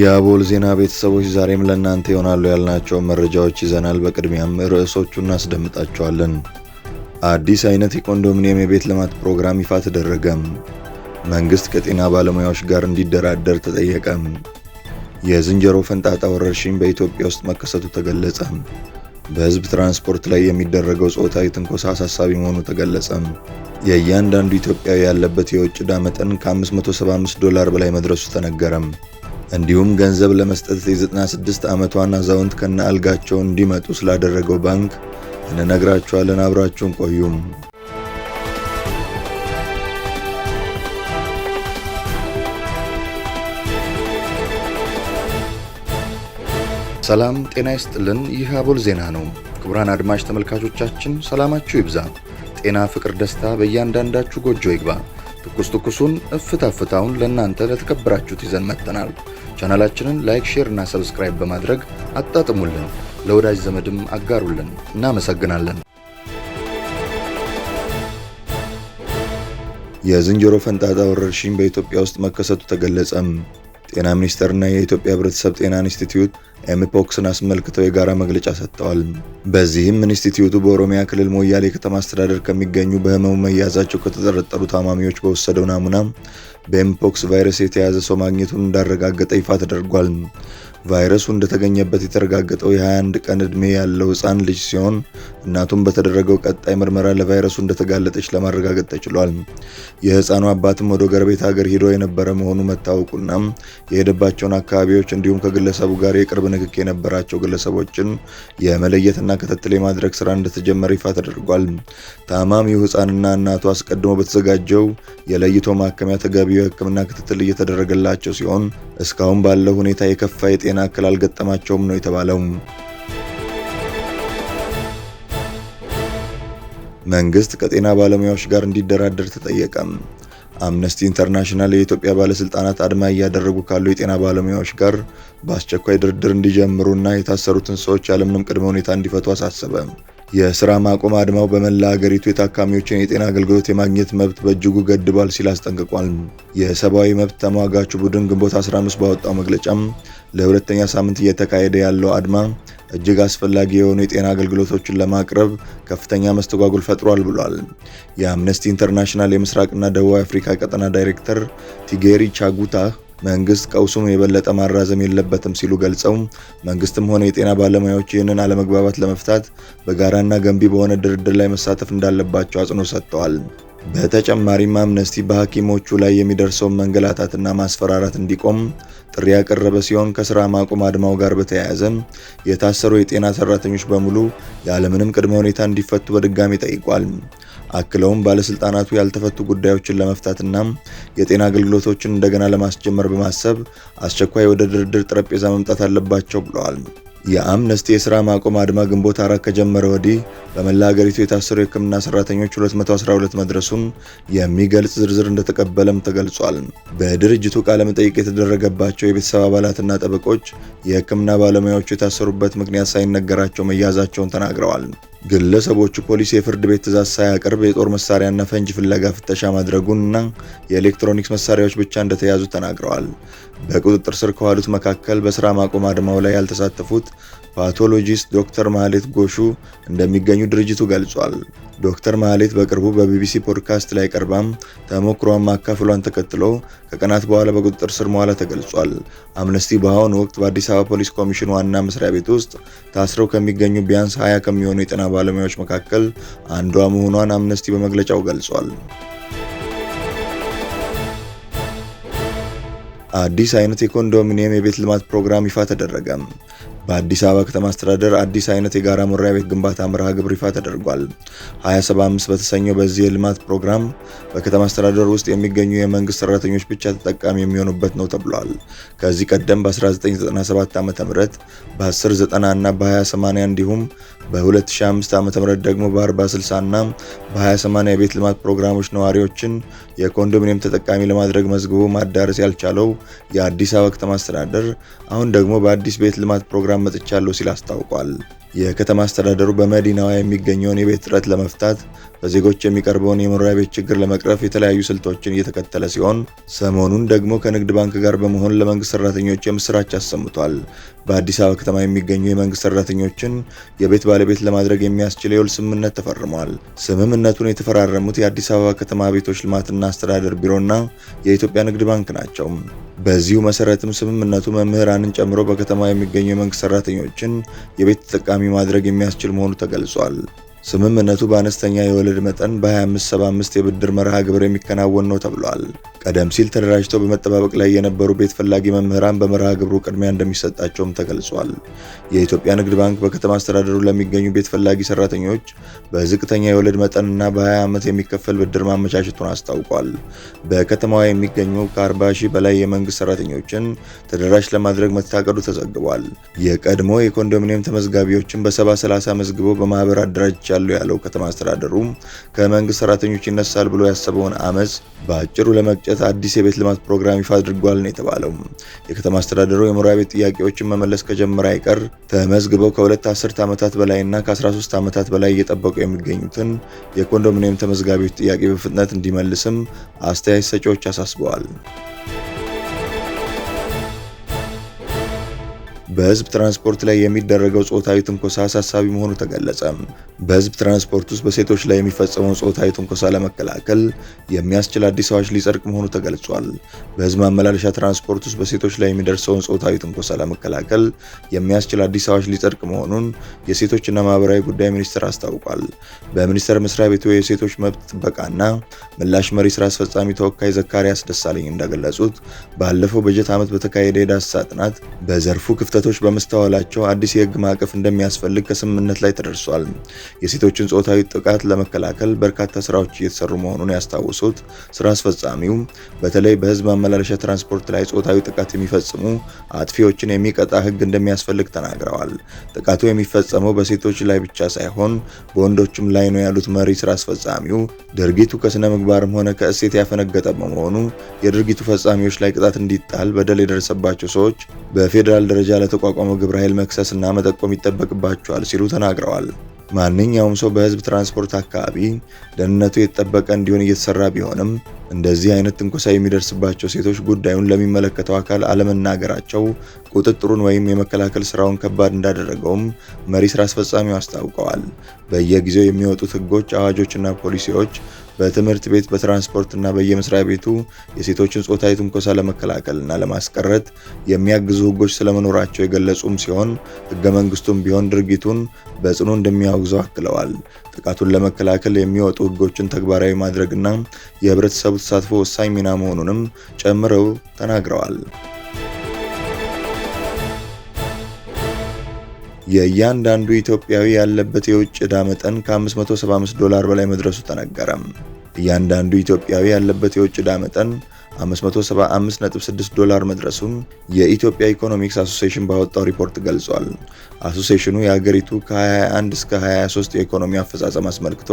የአቦል ዜና ቤተሰቦች ዛሬም ለእናንተ ይሆናሉ ያልናቸው መረጃዎች ይዘናል። በቅድሚያም ርዕሶቹ እናስደምጣቸዋለን። አዲስ አይነት የኮንዶሚኒየም የቤት ልማት ፕሮግራም ይፋ ተደረገም። መንግሥት ከጤና ባለሙያዎች ጋር እንዲደራደር ተጠየቀም። የዝንጀሮ ፈንጣጣ ወረርሽኝ በኢትዮጵያ ውስጥ መከሰቱ ተገለጸ። በሕዝብ ትራንስፖርት ላይ የሚደረገው ጾታዊ ትንኮሳ አሳሳቢ መሆኑ ተገለጸ። የእያንዳንዱ ኢትዮጵያዊ ያለበት የውጭ ዕዳ መጠን ከ575 ዶላር በላይ መድረሱ ተነገረም። እንዲሁም ገንዘብ ለመስጠት የ96 ዓመቷን አዛውንት ከነ አልጋቸው እንዲመጡ ስላደረገው ባንክ እንነግራችኋለን። አብራችሁን ቆዩም። ሰላም ጤና ይስጥልን። ይህ አቦል ዜና ነው። ክቡራን አድማጭ ተመልካቾቻችን ሰላማችሁ ይብዛ፣ ጤና፣ ፍቅር፣ ደስታ በእያንዳንዳችሁ ጎጆ ይግባ። ትኩስ ትኩሱን እፍታ ፍታውን ለእናንተ ለተከበራችሁት ይዘን መጥተናል። ቻናላችንን ላይክ፣ ሼር እና ሰብስክራይብ በማድረግ አጣጥሙልን፣ ለወዳጅ ዘመድም አጋሩልን። እናመሰግናለን። የዝንጀሮ ፈንጣጣ ወረርሽኝ በኢትዮጵያ ውስጥ መከሰቱ ተገለጸም። ጤና ሚኒስቴርና የኢትዮጵያ ሕብረተሰብ ጤና ኢንስቲትዩት ኤምፖክስን አስመልክተው የጋራ መግለጫ ሰጥተዋል። በዚህም ኢንስቲትዩቱ በኦሮሚያ ክልል ሞያሌ ከተማ አስተዳደር ከሚገኙ በህመሙ መያዛቸው ከተጠረጠሩ ታማሚዎች በወሰደው ናሙና በኤምፖክስ ቫይረስ የተያዘ ሰው ማግኘቱን እንዳረጋገጠ ይፋ ተደርጓል። ቫይረሱ እንደተገኘበት የተረጋገጠው የ21 ቀን ዕድሜ ያለው ህፃን ልጅ ሲሆን እናቱም በተደረገው ቀጣይ ምርመራ ለቫይረሱ እንደተጋለጠች ለማረጋገጥ ተችሏል። የህፃኑ አባትም ወደ ጎረቤት ሀገር ሂዶ የነበረ መሆኑ መታወቁና የሄደባቸውን አካባቢዎች እንዲሁም ከግለሰቡ ጋር የቅርብ ንክክ የነበራቸው ግለሰቦችን የመለየትና ክትትል የማድረግ ስራ እንደተጀመረ ይፋ ተደርጓል። ታማሚው ህፃንና እናቱ አስቀድሞ በተዘጋጀው የለይቶ ማከሚያ ተገቢው የህክምና ክትትል እየተደረገላቸው ሲሆን እስካሁን ባለው ሁኔታ የከፋ የጤ የጤና እክል አልገጠማቸውም ነው የተባለው። መንግስት ከጤና ባለሙያዎች ጋር እንዲደራደር ተጠየቀ። አምነስቲ ኢንተርናሽናል የኢትዮጵያ ባለስልጣናት አድማ እያደረጉ ካሉ የጤና ባለሙያዎች ጋር በአስቸኳይ ድርድር እንዲጀምሩና የታሰሩትን ሰዎች ያለምንም ቅድመ ሁኔታ እንዲፈቱ አሳሰበ። የስራ ማቆም አድማው በመላ ሀገሪቱ የታካሚዎችን የጤና አገልግሎት የማግኘት መብት በእጅጉ ገድቧል ሲል አስጠንቅቋል። የሰብአዊ መብት ተሟጋቹ ቡድን ግንቦት 15 ባወጣው መግለጫም ለሁለተኛ ሳምንት እየተካሄደ ያለው አድማ እጅግ አስፈላጊ የሆኑ የጤና አገልግሎቶችን ለማቅረብ ከፍተኛ መስተጓጉል ፈጥሯል ብሏል። የአምነስቲ ኢንተርናሽናል የምስራቅና ደቡብ አፍሪካ ቀጠና ዳይሬክተር ቲጌሪ ቻጉታ መንግስት ቀውሱም የበለጠ ማራዘም የለበትም ሲሉ ገልጸው መንግስትም ሆነ የጤና ባለሙያዎች ይህንን አለመግባባት ለመፍታት በጋራና ገንቢ በሆነ ድርድር ላይ መሳተፍ እንዳለባቸው አጽንኦት ሰጥተዋል። በተጨማሪም አምነስቲ በሐኪሞቹ ላይ የሚደርሰውን መንገላታትና ማስፈራራት እንዲቆም ጥሪ ያቀረበ ሲሆን ከስራ ማቆም አድማው ጋር በተያያዘ የታሰሩ የጤና ሰራተኞች በሙሉ ያለምንም ቅድመ ሁኔታ እንዲፈቱ በድጋሚ ጠይቋል። አክለውም ባለስልጣናቱ ያልተፈቱ ጉዳዮችን ለመፍታትና የጤና አገልግሎቶችን እንደገና ለማስጀመር በማሰብ አስቸኳይ ወደ ድርድር ጠረጴዛ መምጣት አለባቸው ብለዋል። የአምነስቲ የስራ ማቆም አድማ ግንቦት አራት ከጀመረ ወዲህ በመላ ሀገሪቱ የታሰሩ የሕክምና ሰራተኞች 212 መድረሱን የሚገልጽ ዝርዝር እንደተቀበለም ተገልጿል። በድርጅቱ ቃለ መጠይቅ የተደረገባቸው የቤተሰብ አባላትና ጠበቆች የሕክምና ባለሙያዎቹ የታሰሩበት ምክንያት ሳይነገራቸው መያዛቸውን ተናግረዋል። ግለሰቦቹ ፖሊስ የፍርድ ቤት ትዕዛዝ ሳያቀርብ የጦር መሳሪያና ፈንጅ ፍለጋ ፍተሻ ማድረጉን እና የኤሌክትሮኒክስ መሳሪያዎች ብቻ እንደተያዙ ተናግረዋል። በቁጥጥር ስር ከዋሉት መካከል በስራ ማቆም አድማው ላይ ያልተሳተፉት ፓቶሎጂስት ዶክተር ማህሌት ጎሹ እንደሚገኙ ድርጅቱ ገልጿል። ዶክተር ማህሌት በቅርቡ በቢቢሲ ፖድካስት ላይ ቀርባም ተሞክሯን ማካፍሏን ተከትሎ ከቀናት በኋላ በቁጥጥር ስር መዋላ ተገልጿል። አምነስቲ በአሁኑ ወቅት በአዲስ አበባ ፖሊስ ኮሚሽን ዋና መስሪያ ቤት ውስጥ ታስረው ከሚገኙ ቢያንስ 20 ከሚሆኑ የጤና ባለሙያዎች መካከል አንዷ መሆኗን አምነስቲ በመግለጫው ገልጿል። አዲስ አይነት የኮንዶሚኒየም የቤት ልማት ፕሮግራም ይፋ ተደረገም። በአዲስ አበባ ከተማ አስተዳደር አዲስ አይነት የጋራ መኖሪያ ቤት ግንባታ መርሃ ግብር ይፋ ተደርጓል። 275 በተሰኘው በዚህ የልማት ፕሮግራም በከተማ አስተዳደር ውስጥ የሚገኙ የመንግስት ሰራተኞች ብቻ ተጠቃሚ የሚሆኑበት ነው ተብሏል። ከዚህ ቀደም በ1997 ዓ ም በ1090 እና በ2080 እንዲሁም በ2005 ዓ.ም ደግሞ በ 4060 60 እና በ 28 የቤት ልማት ፕሮግራሞች ነዋሪዎችን የኮንዶሚኒየም ተጠቃሚ ለማድረግ መዝግቦ ማዳረስ ያልቻለው የአዲስ አበባ ከተማ አስተዳደር አሁን ደግሞ በአዲስ ቤት ልማት ፕሮግራም መጥቻለሁ ሲል አስታውቋል። የከተማ አስተዳደሩ በመዲናዋ የሚገኘውን የቤት እጥረት ለመፍታት በዜጎች የሚቀርበውን የመኖሪያ ቤት ችግር ለመቅረፍ የተለያዩ ስልቶችን እየተከተለ ሲሆን ሰሞኑን ደግሞ ከንግድ ባንክ ጋር በመሆን ለመንግስት ሰራተኞች የምስራች አሰምቷል። በአዲስ አበባ ከተማ የሚገኙ የመንግስት ሰራተኞችን የቤት ባለቤት ለማድረግ የሚያስችል የውል ስምምነት ተፈርሟል። ስምምነቱን የተፈራረሙት የአዲስ አበባ ከተማ ቤቶች ልማትና አስተዳደር ቢሮና የኢትዮጵያ ንግድ ባንክ ናቸው። በዚሁ መሰረትም ስምምነቱ መምህራንን ጨምሮ በከተማ የሚገኙ የመንግስት ሰራተኞችን የቤት ተጠቃሚ ተፈጻሚ ማድረግ የሚያስችል መሆኑ ተገልጿል። ስምምነቱ በአነስተኛ የወለድ መጠን በ 25 የብድር መርሃ ግብር የሚከናወን ነው ተብሏል። ቀደም ሲል ተደራጅተው በመጠባበቅ ላይ የነበሩ ቤት ፈላጊ መምህራን በመርሃ ግብሩ ቅድሚያ እንደሚሰጣቸውም ተገልጿል። የኢትዮጵያ ንግድ ባንክ በከተማ አስተዳደሩ ለሚገኙ ቤት ፈላጊ ሰራተኞች በዝቅተኛ የወለድ መጠንና በ20 ዓመት የሚከፈል ብድር ማመቻቸቱን አስታውቋል። በከተማዋ የሚገኙ ከ40 ሺህ በላይ የመንግስት ሰራተኞችን ተደራሽ ለማድረግ መታቀዱ ተዘግቧል። የቀድሞ የኮንዶሚኒየም ተመዝጋቢዎችን በ 730 30 መዝግበው በማህበር አደራጅ ያለው ያለው ከተማ አስተዳደሩ ከመንግስት ሰራተኞች ይነሳል ብሎ ያሰበውን አመፅ በአጭሩ ለመቅጨት አዲስ የቤት ልማት ፕሮግራም ይፋ አድርጓል ነው የተባለው። የከተማ አስተዳደሩ የመኖሪያ ቤት ጥያቄዎችን መመለስ ከጀመረ አይቀር ተመዝግበው ከሁለት አስርት ዓመታት በላይና ከ13 ዓመታት በላይ እየጠበቁ የሚገኙትን የኮንዶሚኒየም ተመዝጋቢዎች ጥያቄ በፍጥነት እንዲመልስም አስተያየት ሰጪዎች አሳስበዋል። በህዝብ ትራንስፖርት ላይ የሚደረገው ጾታዊ ትንኮሳ አሳሳቢ መሆኑ ተገለጸ። በህዝብ ትራንስፖርት ውስጥ በሴቶች ላይ የሚፈጸመውን ጾታዊ ትንኮሳ ለመከላከል የሚያስችል አዲስ አዋጅ ሊጸድቅ መሆኑ ተገልጿል። በህዝብ ማመላለሻ ትራንስፖርት ውስጥ በሴቶች ላይ የሚደርሰውን ጾታዊ ትንኮሳ ለመከላከል የሚያስችል አዲስ አዋጅ ሊጸድቅ መሆኑን የሴቶችና ማህበራዊ ጉዳይ ሚኒስቴር አስታውቋል። በሚኒስቴር መስሪያ ቤቱ የሴቶች መብት ጥበቃና ምላሽ መሪ ስራ አስፈጻሚ ተወካይ ዘካሪያስ ደሳለኝ እንደገለጹት ባለፈው በጀት ዓመት በተካሄደ የዳሰሳ ጥናት በዘርፉ ክፍተቶች ክስተቶች በመስተዋላቸው አዲስ የህግ ማዕቀፍ እንደሚያስፈልግ ከስምምነት ላይ ተደርሷል። የሴቶችን ጾታዊ ጥቃት ለመከላከል በርካታ ስራዎች እየተሰሩ መሆኑን ያስታውሱት ስራ አስፈጻሚው በተለይ በህዝብ ማመላለሻ ትራንስፖርት ላይ ጾታዊ ጥቃት የሚፈጽሙ አጥፊዎችን የሚቀጣ ህግ እንደሚያስፈልግ ተናግረዋል። ጥቃቱ የሚፈጸመው በሴቶች ላይ ብቻ ሳይሆን በወንዶችም ላይ ነው ያሉት መሪ ስራ አስፈጻሚው ድርጊቱ ከስነ ምግባርም ሆነ ከእሴት ያፈነገጠ በመሆኑ የድርጊቱ ፈጻሚዎች ላይ ቅጣት እንዲጣል በደል የደረሰባቸው ሰዎች በፌዴራል ደረጃ ለተቋቋመው ግብረ ኃይል እና መጠቆም ይጠበቅባቸዋል ሲሉ ተናግረዋል። ማንኛውም ሰው በህዝብ ትራንስፖርት አካባቢ ደህንነቱ የተጠበቀ እንዲሆን እየተሰራ ቢሆንም እንደዚህ አይነት ትንኮሳ የሚደርስባቸው ሴቶች ጉዳዩን ለሚመለከተው አካል አለመናገራቸው ቁጥጥሩን ወይም የመከላከል ስራውን ከባድ እንዳደረገውም መሪ ስራ አስፈጻሚው አስታውቀዋል። በየጊዜው የሚወጡት ህጎች፣ አዋጆችና ፖሊሲዎች በትምህርት ቤት፣ በትራንስፖርት እና በየመስሪያ ቤቱ የሴቶችን ጾታዊ ትንኮሳ እና ለማስቀረት የሚያግዙ ህጎች ስለመኖራቸው የገለጹም ሲሆን ህገ መንግስቱም ቢሆን ድርጊቱን በጽኑ እንደሚያወግዘው አክለዋል። ጥቃቱን ለመከላከል የሚወጡ ህጎችን ተግባራዊ ማድረግና የህብረተሰቡ ተሳትፎ ወሳኝ ሚና መሆኑንም ጨምረው ተናግረዋል። የእያንዳንዱ ኢትዮጵያዊ ያለበት የውጭ ዕዳ መጠን ከ575 ዶላር በላይ መድረሱ ተነገረም። እያንዳንዱ ኢትዮጵያዊ ያለበት የውጭ ዕዳ መጠን 575.6 ዶላር መድረሱን የኢትዮጵያ ኢኮኖሚክስ አሶሴሽን ባወጣው ሪፖርት ገልጿል። አሶሴሽኑ የሀገሪቱ ከ21 እስከ 23 የኢኮኖሚ አፈጻጸም አስመልክቶ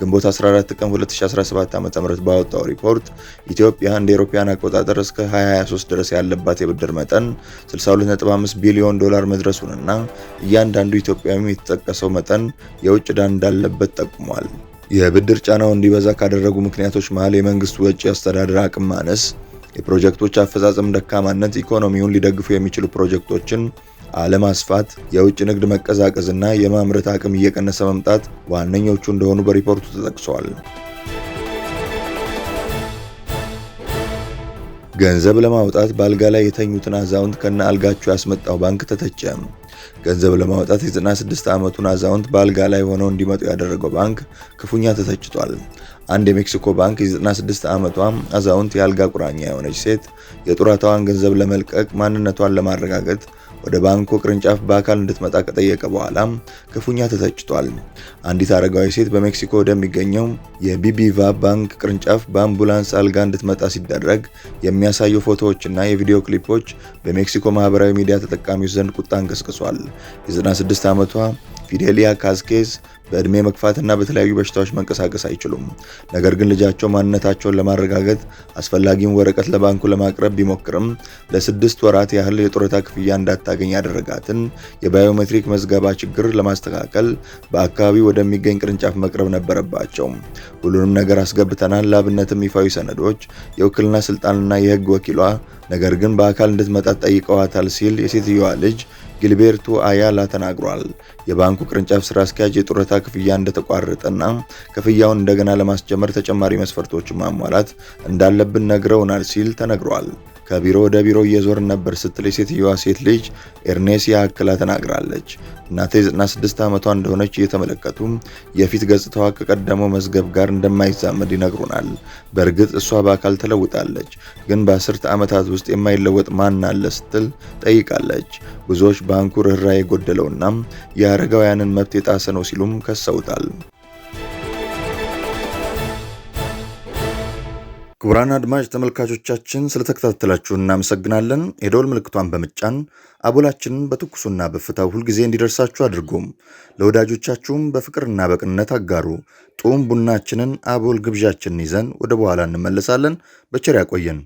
ግንቦት 14 ቀን 2017 ዓ.ም ባወጣው ሪፖርት ኢትዮጵያ እንደ ኤሮፓያን አቆጣጠር እስከ 2023 ድረስ ያለባት የብድር መጠን 62.5 ቢሊዮን ዶላር መድረሱንና እያንዳንዱ ኢትዮጵያዊ የተጠቀሰው መጠን የውጭ ዕዳ እንዳለበት ጠቁሟል። የብድር ጫናው እንዲበዛ ካደረጉ ምክንያቶች መሃል የመንግስት ወጪ አስተዳደር አቅም ማነስ፣ የፕሮጀክቶች አፈጻጸም ደካማነት፣ ኢኮኖሚውን ሊደግፉ የሚችሉ ፕሮጀክቶችን አለማስፋት፣ የውጭ ንግድ መቀዛቀዝና የማምረት አቅም እየቀነሰ መምጣት ዋነኞቹ እንደሆኑ በሪፖርቱ ተጠቅሷል። ገንዘብ ለማውጣት በአልጋ ላይ የተኙትን አዛውንት ከነ አልጋቸው ያስመጣው ባንክ ተተቸ። ገንዘብ ለማውጣት የ96 ዓመቱን አዛውንት በአልጋ ላይ ሆነው እንዲመጡ ያደረገው ባንክ ክፉኛ ተተችቷል። አንድ የሜክሲኮ ባንክ የ96 ዓመቷ አዛውንት የአልጋ ቁራኛ የሆነች ሴት የጡረታዋን ገንዘብ ለመልቀቅ ማንነቷን ለማረጋገጥ ወደ ባንኩ ቅርንጫፍ በአካል እንድትመጣ ከጠየቀ በኋላም ክፉኛ ተተጭቷል። አንዲት አረጋዊ ሴት በሜክሲኮ ወደሚገኘው የቢቢቫ ባንክ ቅርንጫፍ በአምቡላንስ አልጋ እንድትመጣ ሲደረግ የሚያሳዩ ፎቶዎችና የቪዲዮ ክሊፖች በሜክሲኮ ማህበራዊ ሚዲያ ተጠቃሚዎች ዘንድ ቁጣ እንቀስቅሷል። የ96 ዓመቷ ፊዴሊያ ካስኬዝ በእድሜ መግፋትና በተለያዩ በሽታዎች መንቀሳቀስ አይችሉም። ነገር ግን ልጃቸው ማንነታቸውን ለማረጋገጥ አስፈላጊውን ወረቀት ለባንኩ ለማቅረብ ቢሞክርም ለስድስት ወራት ያህል የጡረታ ክፍያ እንዳታገኝ ያደረጋትን የባዮሜትሪክ መዝገባ ችግር ለማስተካከል በአካባቢው ወደሚገኝ ቅርንጫፍ መቅረብ ነበረባቸው። ሁሉንም ነገር አስገብተናል፣ ለአብነትም ይፋዊ ሰነዶች፣ የውክልና ስልጣንና የህግ ወኪሏ ነገር ግን በአካል እንድትመጣ ጠይቀዋታል ሲል የሴትዮዋ ልጅ ጊልቤርቶ አያላ ተናግሯል። የባንኩ ቅርንጫፍ ስራ አስኪያጅ የጡረታ ክፍያ እንደተቋረጠና ክፍያውን እንደገና ለማስጀመር ተጨማሪ መስፈርቶች ማሟላት እንዳለብን ነግረውናል ሲል ተነግሯል። ከቢሮ ወደ ቢሮ እየዞርን ነበር ስትል የሴትየዋ ሴት ልጅ ኤርኔሲያ አክላ ተናግራለች። እናቴ 96 ዓመቷ እንደሆነች እየተመለከቱ የፊት ገጽታዋ ከቀደመው መዝገብ ጋር እንደማይዛመድ ይነግሩናል። በእርግጥ እሷ በአካል ተለውጣለች፣ ግን በአስርተ ዓመታት ውስጥ የማይለወጥ ማን አለ ስትል ጠይቃለች። ብዙዎች ባንኩ ርኅራኄ የጎደለውና የአረጋውያንን መብት የጣሰ ነው ሲሉም ከሰውታል። ክቡራን አድማጭ ተመልካቾቻችን ስለተከታተላችሁ እናመሰግናለን። የደወል ምልክቷን በምጫን አቦላችንን በትኩሱና በፍታው ሁልጊዜ እንዲደርሳችሁ አድርጎም ለወዳጆቻችሁም በፍቅርና በቅንነት አጋሩ። ጡም ቡናችንን አቦል ግብዣችንን ይዘን ወደ በኋላ እንመለሳለን። በቸር ያቆየን።